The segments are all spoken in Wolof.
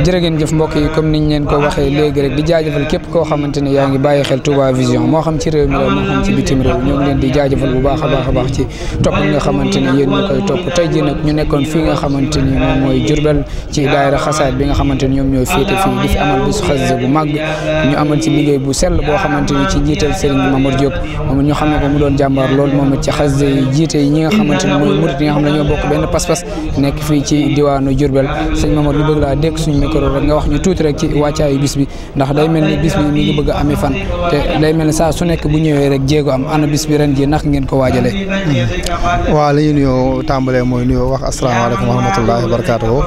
jërë ngeen jëf mbokk yi comme niñ leen ko waxee léegi rek di jaajëfal képp ko xamante ne yaa ngi bàyyi xel Touba Vision moo xam ci réew mi xam ci bitim réew ñoo ngi leen di jaajëfal bu baax a baax a xamante ne yéen ñu koy tey ji nag ñu nekkoon fii nga xamante ni moom mooy Jurbel ci daayira xasaayid bi nga xamante ni ñoom ñoo féete fii di fi amal ñu amal ci liggéey bu sell boo xamante ni ci njiital Serigne Mamour Diop moom ñu xam ne ko mu doon moom ci xasida yi jiite yi ñi nga xamante ni mooy murit yi nga xam ne ñoo bokk benn pas-pas nekk fii ci diwaanu Jurbel Serigne Mamour lu bëgg laa dékk suñu këroo rek nga wax ñu tuuti rek ci wàccaayu bis bi ndax day mel ni bis bi mi ngi bëgg ami fan te day mel ni saa su nekk bu ñëwee rek jéego am ana bis bi ren ji nak ko waajalee hmm. waaw li ñu nuyoo mooy nuyoo wax asalaamaaleykum wa rahmatullahi wa barakaatuhu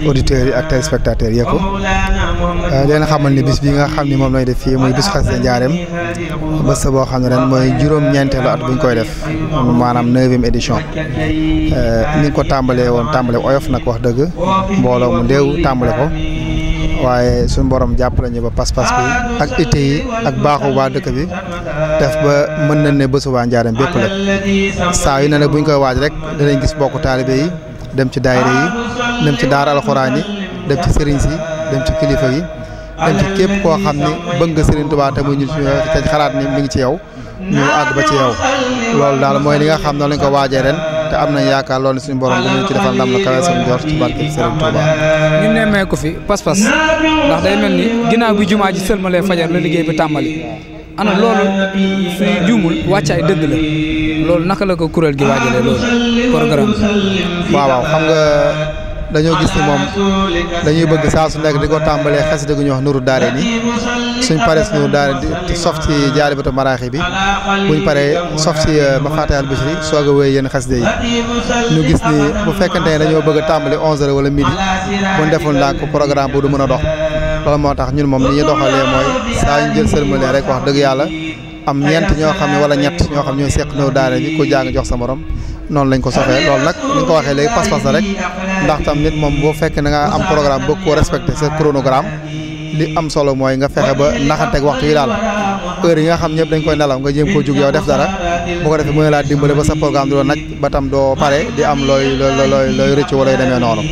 di auditeurs yi ak téléspectateurs yëpp euh, xamal ni bis bi nga xam ni moom lañ def fii muy bis xasida njaareem bés boo xam ne ren mooy juróom-ñeenteelu at buñ koy def maanaam neuvième édition euh, ni ko tàmbalee woon tàmbale oyof nag wax dëgg mbooloo mu néew tàmbale ko waaye suñu borom jàpp ñu ba pas-pas bi ak itte yi ak baaxu waa dëkk bi def ba mën na ne bésu waa Njaaréem bépp la saa yu ne nag buñ koy waaj rek danañ gis bokku taalibe yi dem ci daayira yi dem ci daara alxuraan yi dem ci sëriñ si dem ci kilifa yi dem ci képp koo xam ne bëgg nga Sëriñ Tuubaa te mu ñu xalaat ni mi ngi ci yow ñu àgg ba ci yow loolu daal mooy li nga xam ne lañ ko waajee ren. te am nañ yaakaar loolu suñu borom dañu ci defal ndam la kawe sa njort ci barke Serigne Touba ñu nemmee ko fi pas-pas ndax day mel ni ginnaaw bi jumaa ji sëlmalee fajar la liggéey bi tàmbali ana loolu suñu juumul wàccaay dëgg la loolu naka la ko kuréel gi waajalee loolu programme waaw waaw xam nga dañoo gis ni moom dañuy bëgg saa su nekk di ko tàmbalee xasida gu ñuy wax nuru daare ni suñ paree si nuru daare di sof ci jaalibatu maraaxi bi buñ paree sof ci euh, mafaatihal bichri soog a wéy yéen xasida yi ñu gis ni bu fekkante ne dañoo bëgg tàmbali onze heures wala midi buñ deful ndànk programme bu du mën a dox loolu moo tax ñun moom li ñu doxalee mooy saa ñu jël sërmalee rek wax dëgg yàlla am ñeent ñoo xam ne wala ñett ñoo xam ñoo seq nuru daare bi ku jàng jox sa moroom noonu lañ ko sofee loolu nag ni nga ko waxee léegi pas-pas la rek ndax tam nit moom boo fekk na nga am programme bëgg koo respecté sa chronogramme li am solo mooy nga fexe ba naxanteeg waxtu yi daal heure yi nga xam ñëpp dañ koy nelaw nga jéem koo jug yow def dara bu ko defee mën na laa dimbale ba sa programme di doon naj ba tam doo pare di am looy looy looy rëcc wala yu demee noonu.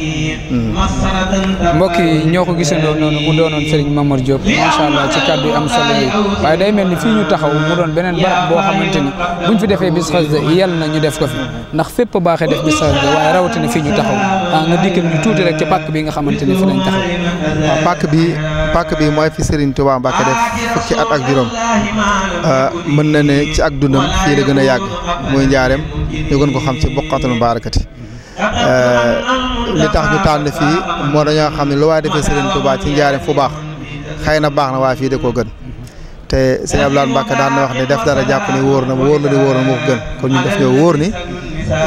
Hmm. mbokk yi ñoo ko gisandoo noonu mu doonoon Serigne Mamar Diop macha allah ci kàddu yi am solo yi waaye day mel ni fii ñu taxaw mu doon beneen barab boo xamante ni buñ fi defee bis xasida yal na ñu def ko fi ndax fépp baaxee def bis xasida waaye rawatina fii ñu taxaw ah, nga dikkal ñu tuuti rek ci pàkk bi nga xamante ni fi lañ taxaw. pàkk bi pàkk bi mooy fi Serigne tubaa Mbacke def fukki at ak juróom ah, mën na ne ci ak dundam fii la gën a yàgg muy njaareem ñu gën ko xam ci bokkatul mbaarakati ah, li tax ñu tànn fii moo dañoo xam ne lu waaye defee Serigne Touba ci njaareem fu baax xëy na baax na waaye fii de koo gën te sëñ Abdoulaye Mbacke daan na wax ne def dara jàpp ni wóor na wóor na di wóor na moo ko gën kon ñun def ñoo wóor ni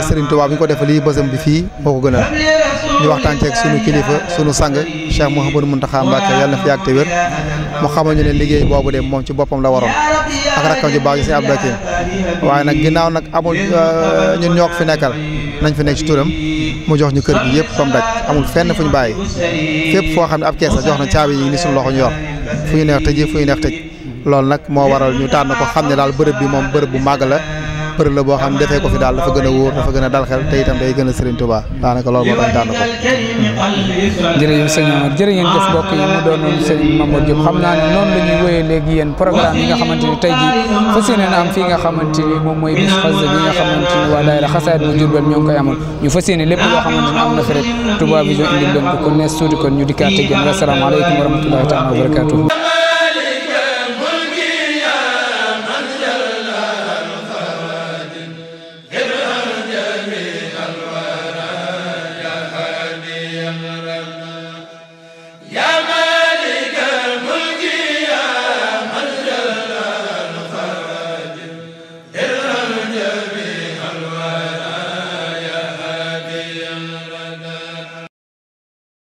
sëriñ Touba bu ñu ko def lii bësam bi fii moo ko gënal ñu waxtaan ceeg sunu kilifa sunu sang Cheikh Mouhamadou Mountakha Mbacké yàlla na fi yàgg te wér mu xamal ñu ne liggéey boobu de moom ci boppam la waroon ak rakkam ju baax ji si Abdou Hakim waaye nag ginnaaw nag amul euh, ñun ñoo ko fi nekkal nañ fi nekk ci turam mu jox ñu kër gi yëpp comme daj amul fenn fu ñu bàyyi képp foo xam ne ab kees jox na caabi yi ni suñu loxo ñu yor fu ñu neex tëj fu ñu neex tëj loolu nag moo waral ñu tànn ko xam ne daal bërëb bi moom bërëb bu màgg la për la boo xam defee ko fi daal dafa gën a wóor dafa gën a dal xel te itam day gën a Serigne Touba daanaka loolu moo tax tànn ko. jërëjëf sëñ Omar mbokk yi mu doonoon sëñ Mamadou Diop xam naa ne noonu la léegi yéen programme yi nga xamante ni tey jii fas yéeneen am fii nga xamante ni moom mooy bis xasida bi nga xamante ni waa daayira xasaayid bu Jurbel ñoo ngi koy amal ñu fas yéene lépp loo xamante ni am na fi rek Touba Vision indil leen ko nees suudi kon ñu dikkaat ak yéen wasalaamaaleykum wa rahmatullahi taala wa barakatuh